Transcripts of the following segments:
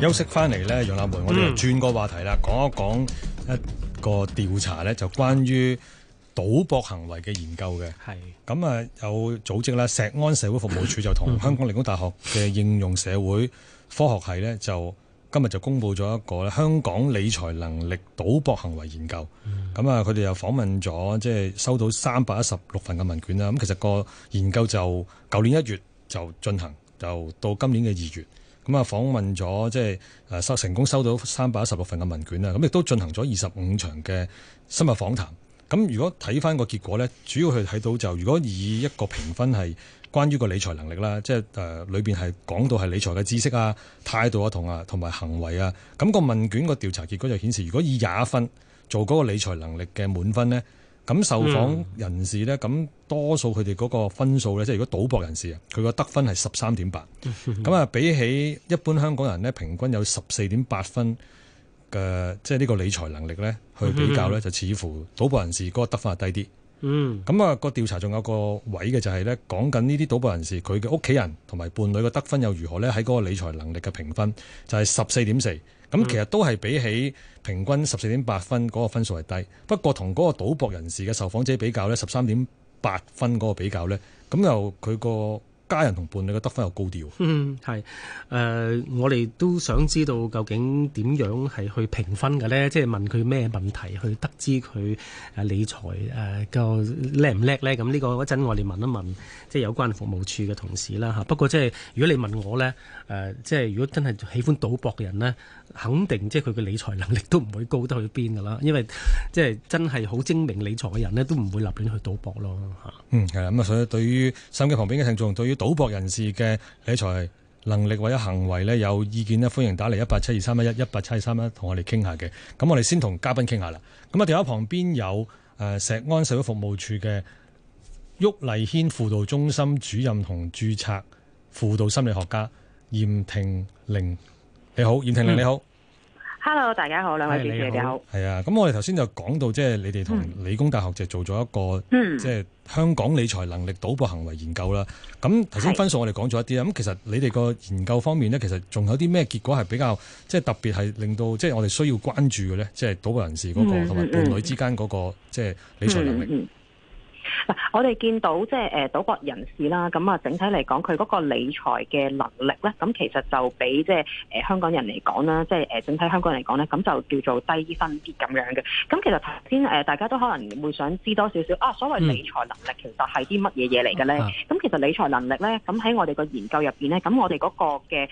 休息翻嚟呢，楊立梅，我哋就轉個話題啦，講一講一個調查呢，就關於賭博行為嘅研究嘅。係咁啊，有組織啦，石安社會服務處就同香港理工大學嘅應用社會科學系呢就今日就公布咗一個咧香港理財能力賭博行為研究。咁啊的，佢哋又訪問咗，即係收到三百一十六份嘅問卷啦。咁其實個研究就舊年一月就進行，就到今年嘅二月。咁啊，訪問咗即係誒收成功收到三百一十六份嘅問卷啦，咁亦都進行咗二十五場嘅深入訪談。咁如果睇翻個結果咧，主要去睇到就如果以一個評分係關於個理財能力啦，即係誒裏邊係講到係理財嘅知識啊、態度啊同啊同埋行為啊，咁個問卷個調查結果就顯示，如果以廿一分做嗰個理財能力嘅滿分咧。咁受訪人士呢，咁多數佢哋嗰個分數呢，即係如果賭博人士啊，佢個得分係十三點八，咁啊比起一般香港人呢，平均有十四點八分嘅，即係呢個理財能力呢，去比較呢，就似乎賭博人士嗰個得分係低啲。嗯，咁啊個調查仲有個位嘅就係呢，講緊呢啲賭博人士佢嘅屋企人同埋伴侶嘅得分又如何呢？喺嗰個理財能力嘅評分就係十四點四。咁、嗯、其實都係比起平均十四點八分嗰個分數係低，不過同嗰個賭博人士嘅受訪者比較咧，十三點八分嗰個比較呢咁又佢個家人同伴侶嘅得分又高啲喎。嗯，係，誒、呃，我哋都想知道究竟點樣係去評分嘅咧，即係問佢咩問題去得知佢誒理財誒夠叻唔叻咧？咁、呃、呢個嗰陣我哋問一問，即係有關服務處嘅同事啦嚇。不過即係如果你問我咧，誒、呃，即係如果真係喜歡賭博嘅人咧，肯定即係佢嘅理財能力都唔會高得去邊㗎啦。因為即係真係好精明理財嘅人咧，都唔會立亂去賭博咯嚇。嗯，係啦，咁啊，所以對於收音機旁邊嘅聽眾，對於賭博人士嘅理財能力或者行為呢，有意見呢，歡迎打嚟，一八七二三一一一八七二三一，同我哋傾下嘅。咁我哋先同嘉賓傾下啦。咁啊，電話旁邊有誒石安社會服務處嘅勗勵軒輔導中心主任同註冊輔導心理學家嚴廷玲，你好，嚴廷玲你好。嗯 Hello，大家好，兩位主持、hey, 你哋好。係好啊，咁我哋頭先就講到，即係你哋同理工大學就做咗一個，即係、嗯、香港理財能力賭博行為研究啦。咁頭先分數我哋講咗一啲啦，咁是其實你哋個研究方面呢，其實仲有啲咩結果係比較，即係特別係令到，即係我哋需要關注嘅呢，即係賭博人士嗰個同埋伴侶之間嗰個，即係理財能力。嗯嗯嗯嗱、啊，我哋見到即係誒島國人士啦，咁啊整體嚟講，佢嗰個理財嘅能力咧，咁其實就比即係誒香港人嚟講啦，即係誒整體香港人嚟講咧，咁就叫做低分啲咁樣嘅。咁其實頭先誒大家都可能會想知多少少啊，所謂理財能力其實係啲乜嘢嘢嚟嘅咧？咁、嗯、其實理財能力咧，咁喺我哋個研究入邊咧，咁我哋嗰個嘅誒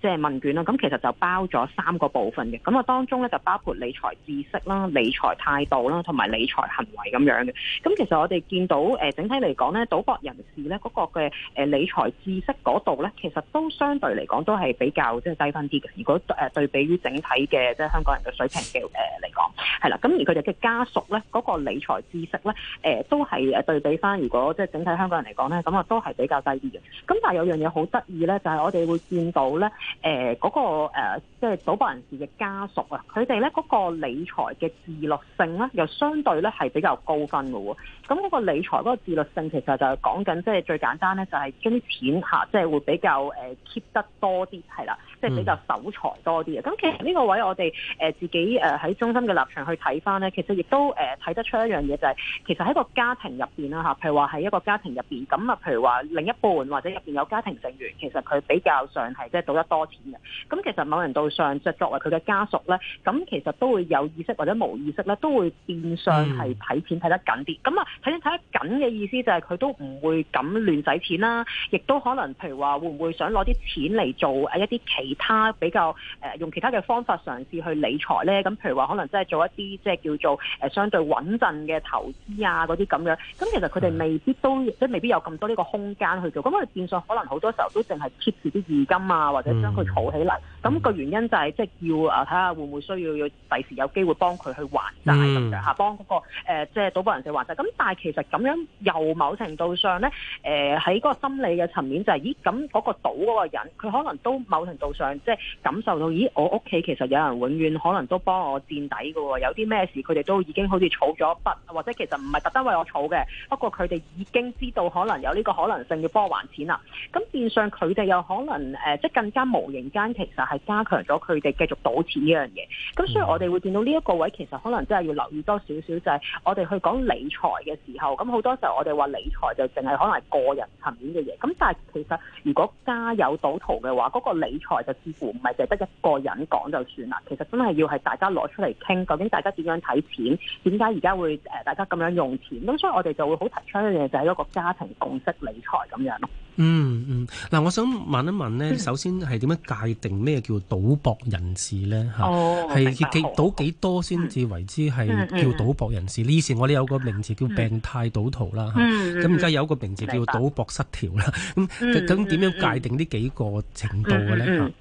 即係問卷啦，咁其實就包咗三個部分嘅，咁啊當中咧就包括理財知識啦、理財態度啦、同埋理財行為咁樣嘅。咁其實我哋見到誒整體嚟講咧，賭博人士咧嗰個嘅誒理財知識嗰度咧，其實都相對嚟講都係比較即係低分啲嘅。如果誒對比於整體嘅即係香港人嘅水平嘅誒嚟講，係啦。咁而佢哋嘅家屬咧嗰個理財知識咧，誒都係誒對比返，如果即係整體香港人嚟講咧，咁啊都係比較低啲嘅。咁但係有樣嘢好得意咧，就係我哋會見到咧誒嗰個誒即係賭博人士嘅家屬啊，佢哋咧嗰個理財嘅自律性咧，又相對咧係比較高分嘅喎。咁呢個理財嗰個自律性其實就係講緊，即係最簡單咧，就係將啲錢吓，即係會比較誒 keep 得多啲，係啦，即係比較守財多啲嘅。咁、嗯、其實呢個位我哋誒自己誒喺中心嘅立場去睇翻咧，其實亦都誒睇得出一樣嘢，就係其實喺個家庭入邊啦吓，譬如話喺一個家庭入邊，咁啊譬如話另一半或者入邊有家庭成員，其實佢比較上係即係賭得多錢嘅。咁其實某程度上，作為佢嘅家屬咧，咁其實都會有意識或者冇意識咧，都會變相係睇錢睇得緊啲。咁啊、嗯、～、嗯睇睇緊嘅意思就係佢都唔會咁亂使錢啦、啊，亦都可能譬如話會唔會想攞啲錢嚟做誒一啲其他比較誒、呃、用其他嘅方法嘗試去理財咧？咁、嗯、譬、嗯、如話可能即係做一啲即係叫做誒相對穩陣嘅投資啊嗰啲咁樣。咁其實佢哋未必都、嗯、即係未必有咁多呢個空間去做。咁佢哋線上可能好多時候都淨係 keep 住啲現金啊，或者將佢儲起嚟。咁、嗯、個原因就係即係要啊睇下會唔會需要要第時有機會幫佢去還債咁樣嚇，幫嗰、那個即係、呃、賭博人士還債。咁。但係其實咁樣又某程度上呢，誒喺嗰個心理嘅層面就係、是，咦咁嗰，那個賭嗰個人，佢可能都某程度上即係感受到，咦我屋企其實有人永遠可能都幫我墊底噶，有啲咩事佢哋都已經好似儲咗一筆，或者其實唔係特登為我儲嘅，不過佢哋已經知道可能有呢個可能性要幫我還錢啦。咁變相佢哋又可能誒、呃，即係更加無形間其實係加強咗佢哋繼續賭錢呢樣嘢。咁所以我哋會見到呢一個位其實可能真係要留意多少少，就係我哋去講理財嘅嘅時候，咁好多時候我哋話理財就淨係可能係個人層面嘅嘢，咁但係其實如果家有賭徒嘅話，嗰個理財就似乎唔係淨係得一個人講就算啦，其實真係要係大家攞出嚟傾，究竟大家點樣睇錢，點解而家會誒大家咁樣用錢，咁所以我哋就會好提倡一樣嘢就係一個家庭共識理財咁樣咯。嗯嗯，嗱、嗯，我想問一問咧，嗯、首先係點樣界定咩叫賭博人士咧？嚇、哦，係要幾賭幾多先至為之係叫賭博人士？嗯嗯、以前我哋有個名字叫病態賭徒啦，咁而家有一個名字叫賭博失調啦。咁咁點樣界定呢幾個程度嘅咧？嗯嗯嗯嗯嗯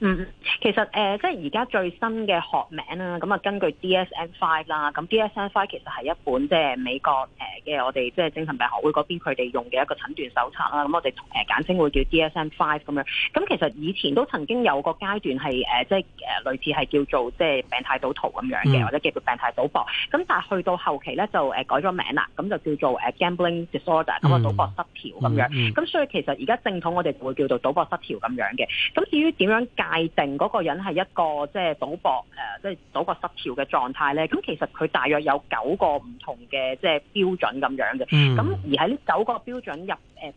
嗯，其實誒、呃，即係而家最新嘅學名啦，咁啊，根據 DSM 五啦，咁 DSM 五其實係一本即係美國誒嘅、呃、我哋即係精神病學會嗰邊佢哋用嘅一個診斷手冊啦，咁我哋誒、呃、簡稱會叫 DSM 五咁樣。咁其實以前都曾經有個階段係誒、呃，即係誒、呃、類似係叫做即係病態賭徒咁樣嘅，嗯、或者叫做病態賭博。咁但係去到後期咧就誒改咗名啦，咁就叫做誒 gambling disorder，咁啊賭博失調咁樣。咁所以其實而家正統我哋會叫做賭博失調咁樣嘅。咁至於點樣界定嗰個人係一個，即係賭博誒，即係賭博失調嘅狀態咧。咁其實佢大約有九個唔同嘅即係標準咁樣嘅。咁而喺呢九個標準入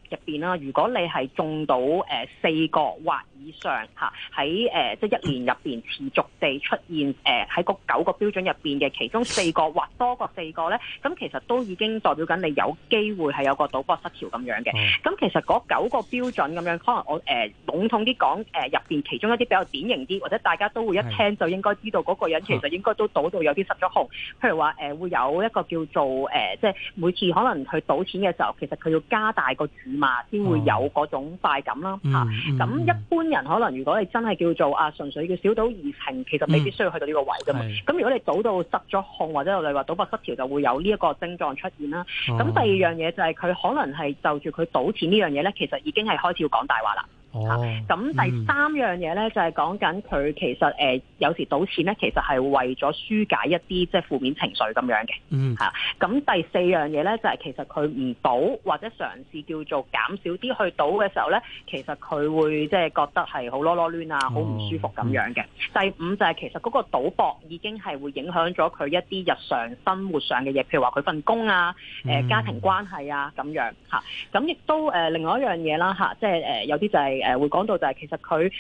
入邊啦，如果你係中到誒、呃、四個或以上嚇，喺誒、呃、即係一年入邊持續地出現誒喺嗰九個標準入邊嘅其中四個或多過四個咧，咁、嗯、其實都已經代表緊你有機會係有個賭博失調咁樣嘅。咁、嗯嗯嗯、其實嗰九個標準咁樣，可能我誒、呃、籠統啲講誒入邊其中一啲比較典型啲，或者大家都會一聽就應該知道嗰個人其實應該都賭到有啲失咗控。譬如話誒、呃、會有一個叫做誒、呃、即係每次可能佢賭錢嘅時候，其實佢要加大個嘛先會有嗰種快感啦嚇，咁、嗯啊、一般人可能如果你真係叫做啊純粹叫小賭怡情，其實未必需要去到呢個位㗎嘛。咁、嗯、如果你賭到失咗控，或者我哋話賭博失調，就會有呢一個症狀出現啦。咁第二樣嘢就係佢可能係就住佢賭錢呢樣嘢咧，其實已經係開始要講大話啦。哦，咁、嗯、第三樣嘢咧就係、是、講緊佢其實誒、呃、有時賭錢咧，其實係為咗紓解一啲即係負面情緒咁樣嘅、嗯啊，嗯，嚇咁第四樣嘢咧就係、是、其實佢唔賭或者嘗試叫做減少啲去賭嘅時候咧，其實佢會即係覺得係好囉囉攣啊，好唔、哦、舒服咁樣嘅。嗯、第五就係其實嗰個賭博已經係會影響咗佢一啲日常生活上嘅嘢，譬如話佢份工啊，誒、呃、家庭關係啊咁樣嚇，咁亦、嗯嗯、都誒另、另、另、另外一樣嘢啦嚇，即係誒有啲就係。誒會講到就係其實佢誒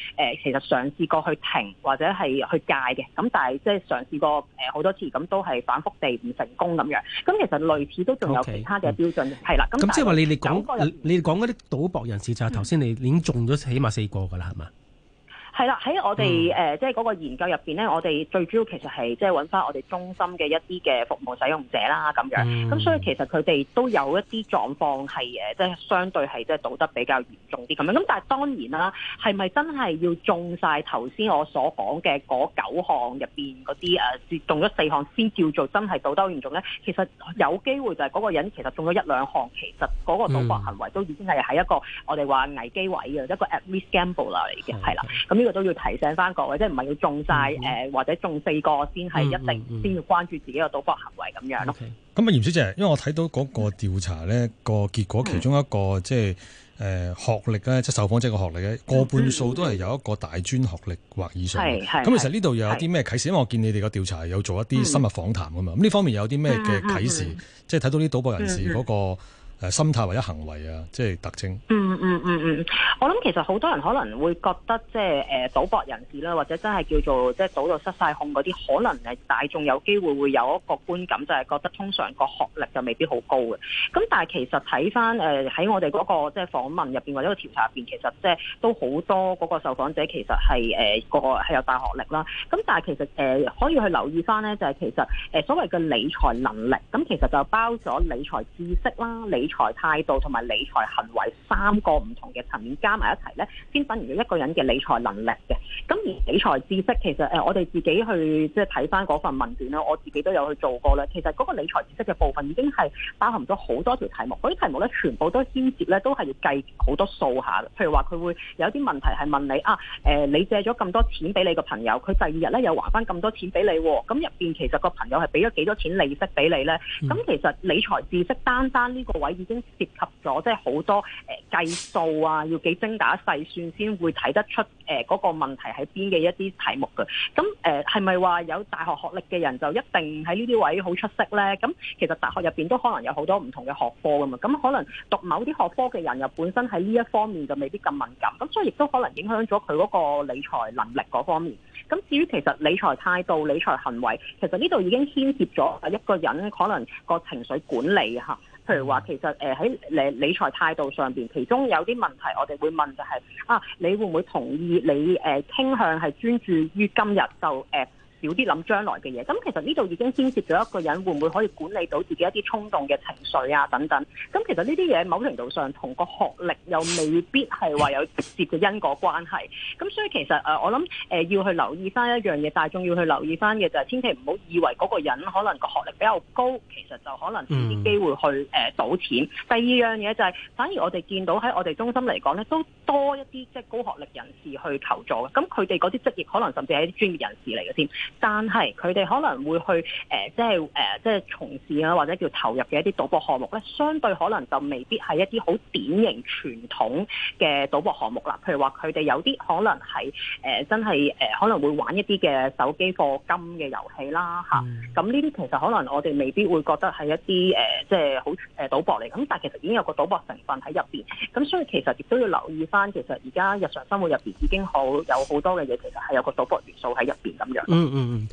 其實嘗試過去停或者係去戒嘅，咁但係即係嘗試過誒好多次，咁都係反覆地唔成功咁樣。咁其實類似都仲有其他嘅標準，係啦、Okay. 嗯。咁、嗯、即係話你哋講你哋講嗰啲賭博人士就係頭先你已經中咗起碼四個㗎啦，係嘛、嗯？係啦，喺我哋誒即係嗰個研究入邊咧，我哋最主要其實係即係揾翻我哋中心嘅一啲嘅服務使用者啦咁樣，咁、嗯、所以其實佢哋都有一啲狀況係誒，即、就、係、是、相對係即係賭得比較嚴重啲咁樣。咁但係當然啦，係咪真係要中晒頭先我所講嘅嗰九項入邊嗰啲誒，中咗四項先叫做真係賭得嚴重咧？其實有機會就係嗰個人其實中咗一兩項，其實嗰個賭博行為都已經係喺一個、嗯、我哋話危機位嘅一個 at risk gambler 啦嚟嘅，係啦，咁的。呢個都要提醒翻各位，即係唔係要中晒，誒、嗯呃、或者中四個先係一定先要關注自己嘅賭博行為咁、嗯嗯、樣咯。咁啊 Okay，嚴小姐，因為我睇到嗰個調查咧個結果，嗯、其中一個即係誒學歷咧，即係受訪者個學歷咧，過半數都係有一個大專學歷或以上。係係、嗯。咁、啊嗯、其實呢度又有啲咩啟示？因為我見你哋個調查有做一啲深入訪談啊嘛。咁呢方面有啲咩嘅啟示？即係睇到啲賭博人士嗰個。誒心態或者行為啊，即係特徵、嗯。嗯嗯嗯嗯，我諗其實好多人可能會覺得即係誒賭博人士啦，或者真係叫做即係賭到失晒控嗰啲，可能係大眾有機會會有一個觀感，就係、是、覺得通常個學歷就未必好高嘅。咁但係其實睇翻誒喺我哋嗰個即係訪問入邊或者個調查入邊，其實即、就、係、是、都好多嗰個受訪者其實係誒、呃、個係有大學歷啦。咁但係其實誒、呃、可以去留意翻咧，就係、是、其實誒、呃、所謂嘅理財能力，咁其實就包咗理財知識啦，理財態度同埋理財行為三個唔同嘅層面加埋一齊呢，先等於一個人嘅理財能力嘅。咁而理財知識其實誒，我哋自己去即係睇翻嗰份問卷啦，我自己都有去做過啦。其實嗰個理財知識嘅部分已經係包含咗好多條題目，嗰啲題目呢，全部都牽涉呢都係要計好多數下。譬如話佢會有啲問題係問你啊，誒、呃，你借咗咁多錢俾你個朋友，佢第二日呢又還翻咁多錢俾你，咁入邊其實個朋友係俾咗幾多錢利息俾你呢？咁其實理財知識單單呢個位。已經涉及咗，即係好多誒計數啊，要幾精打細算先會睇得出誒嗰個問題喺邊嘅一啲題目嘅。咁誒係咪話有大學學歷嘅人就一定喺呢啲位好出色咧？咁其實大學入邊都可能有好多唔同嘅學科㗎嘛，咁可能讀某啲學科嘅人又本身喺呢一方面就未必咁敏感，咁所以亦都可能影響咗佢嗰個理財能力嗰方面。咁至於其實理財態度、理財行為，其實呢度已經牽涉咗一個人可能個情緒管理吓。譬如話，其實誒喺理理財態度上邊，其中有啲問題，我哋會問就係、是、啊，你會唔會同意你誒、呃、傾向係專注於今日就誒，呃少啲諗將來嘅嘢，咁其實呢度已經牽涉咗一個人會唔會可以管理到自己一啲衝動嘅情緒啊等等。咁其實呢啲嘢某程度上同個學歷又未必係話有直接嘅因果關係。咁所以其實誒，我諗誒要去留意翻一樣嘢，大眾要去留意翻嘅就係千祈唔好以為嗰個人可能個學歷比較高，其實就可能有啲機會去誒賭錢。嗯、第二樣嘢就係、是，反而我哋見到喺我哋中心嚟講咧，都多一啲即係高學歷人士去求助嘅。咁佢哋嗰啲職業可能甚至係專業人士嚟嘅添。但係佢哋可能會去誒、呃，即係誒、呃，即係從事啊，或者叫投入嘅一啲賭博項目咧，相對可能就未必係一啲好典型傳統嘅賭博項目啦。譬如話，佢哋有啲可能係誒、呃，真係誒、呃，可能會玩一啲嘅手機課金嘅遊戲啦嚇。咁呢啲其實可能我哋未必會覺得係一啲誒、呃，即係好誒賭博嚟。咁但係其實已經有個賭博成分喺入邊。咁所以其實亦都要留意翻，其實而家日常生活入邊已經好有好多嘅嘢，其實係有個賭博元素喺入邊咁樣、mm。嗯、hmm. 嗯，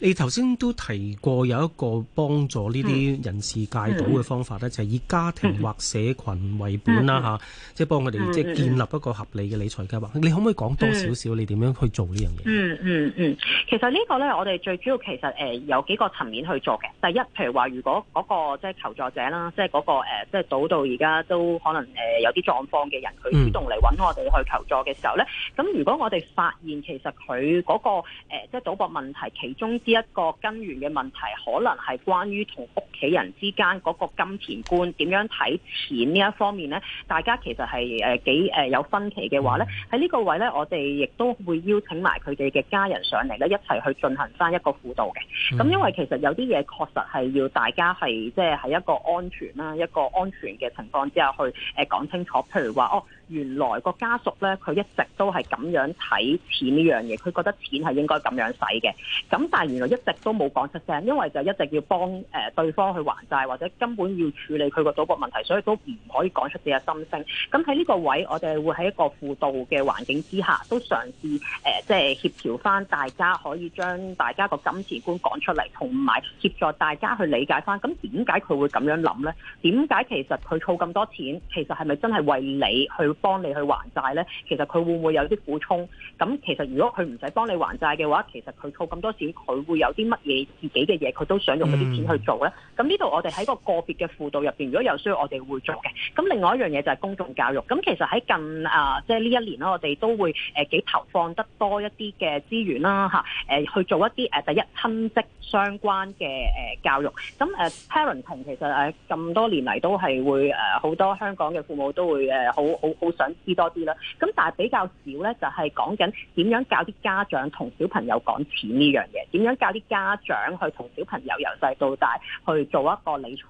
你頭先都提過有一個幫助呢啲人士戒賭嘅方法咧，嗯、就係以家庭或社群為本啦，吓、嗯，即係幫我哋即係建立一個合理嘅理財計劃。嗯、或你可唔可以講多少少你點樣去做呢樣嘢？嗯嗯嗯，其實個呢個咧，我哋最主要其實誒有幾個層面去做嘅。第一，譬如話如果嗰個即係求助者啦，即係嗰個誒即係賭到而家都可能誒有啲狀況嘅人，佢主動嚟揾我哋去求助嘅時候咧，咁如果我哋發現其實佢嗰、那個誒即係賭博問問題其中呢一個根源嘅問題，可能係關於同屋企人之間嗰個金錢觀，點樣睇錢呢一方面呢，大家其實係誒幾誒有分歧嘅話呢，喺呢個位呢，我哋亦都會邀請埋佢哋嘅家人上嚟呢，一齊去進行翻一個輔導嘅。咁因為其實有啲嘢確實係要大家係即係喺一個安全啦，一個安全嘅情況之下去誒講清楚，譬如話哦。原來個家屬咧，佢一直都係咁樣睇錢呢樣嘢，佢覺得錢係應該咁樣使嘅。咁但係原來一直都冇講出聲，因為就一直要幫誒對方去還債或者根本要處理佢個賭博問題，所以都唔可以講出自己嘅心聲，咁喺呢個位，我哋會喺一個輔導嘅環境之下，都嘗試誒即係協調翻大家可以將大家個金錢觀講出嚟，同埋協助大家去理解翻。咁點解佢會咁樣諗咧？點解其實佢儲咁多錢，其實係咪真係為你去？幫你去還債呢，其實佢會唔會有啲苦衷？咁其實如果佢唔使幫你還債嘅話，其實佢儲咁多錢，佢會有啲乜嘢自己嘅嘢，佢都想用嗰啲錢去做呢。咁呢度，我哋喺個個別嘅輔導入邊，如果有需要，我哋會做嘅。咁另外一樣嘢就係公眾教育。咁其實喺近啊，即係呢一年啦，我哋都會誒、啊、幾投放得多一啲嘅資源啦，嚇、啊、誒、啊、去做一啲誒第一親戚相關嘅誒、啊、教育。咁誒、uh, parenting 其實誒咁、啊、多年嚟都係會誒好、啊、多香港嘅父母都會誒好、啊、好。好好想知多啲啦，咁但係比較少咧，就係講緊點樣教啲家長同小朋友講錢呢樣嘢，點樣教啲家長去同小朋友由細到大去做一個理財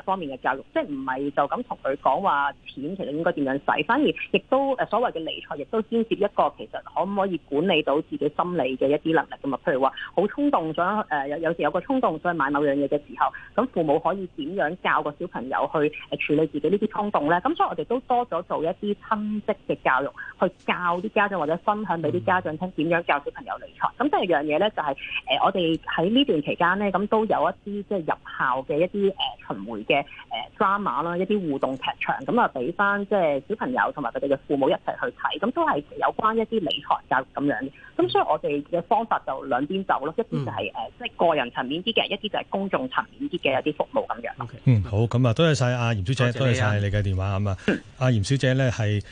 誒方面嘅教育，即係唔係就咁同佢講話錢其實應該點樣使，反而亦都誒所謂嘅理財亦都牽涉一個其實可唔可以管理到自己心理嘅一啲能力咁嘛，譬如話好衝動想誒有、呃、有時有個衝動想去買某樣嘢嘅時候，咁父母可以點樣教個小朋友去誒處理自己衝呢啲衝動咧？咁所以我哋都多咗做一啲。親戚嘅教育，去教啲家長或者分享俾啲家長聽點樣教小朋友理財。咁第二樣嘢咧就係誒、就是，我哋喺呢段期間咧咁都有一啲即係入校嘅一啲誒巡迴嘅誒 drama 啦，一啲互動劇場，咁啊俾翻即係小朋友同埋佢哋嘅父母一齊去睇，咁都係有關一啲理財教育咁樣。咁所以我哋嘅方法就兩邊走咯，嗯、一邊就係誒即係個人層面啲嘅，一啲就係公眾層面啲嘅一啲服務咁樣。Okay. 嗯，好，咁啊，多謝晒阿嚴小姐，多謝晒你嘅、啊、電話、嗯、啊嘛。阿嚴小姐咧係。係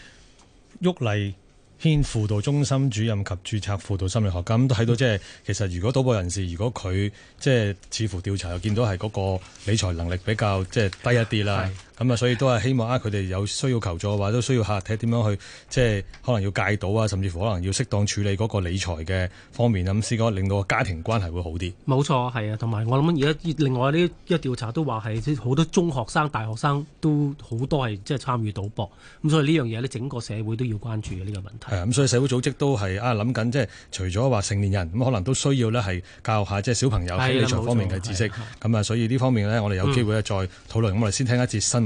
勗勵軒輔導中心主任及註冊輔導心理學家，咁睇到即係，其實如果賭博人士，如果佢即係似乎調查又見到係嗰個理財能力比較即係低一啲啦。咁啊、嗯，所以都係希望啊，佢哋有需要求助嘅話，都需要下睇點樣去，即係可能要戒賭啊，甚至乎可能要適當處理嗰個理財嘅方面，咁先可令到個家庭關係會好啲。冇錯，係啊，同埋我諗，而家另外啲一調查都話，係即係好多中學生、大學生都好多係即係參與賭博，咁所以呢樣嘢咧，整個社會都要關注嘅呢、呢個問題，係啊，咁、嗯、所以社會組織都係啊，諗緊，即係除咗話成年人咁，可能都需要咧係教下即係小朋友喺理財方面嘅知識，咁啊，所以呢方面咧，我哋有機會咧再討論，咁我哋先聽一節新。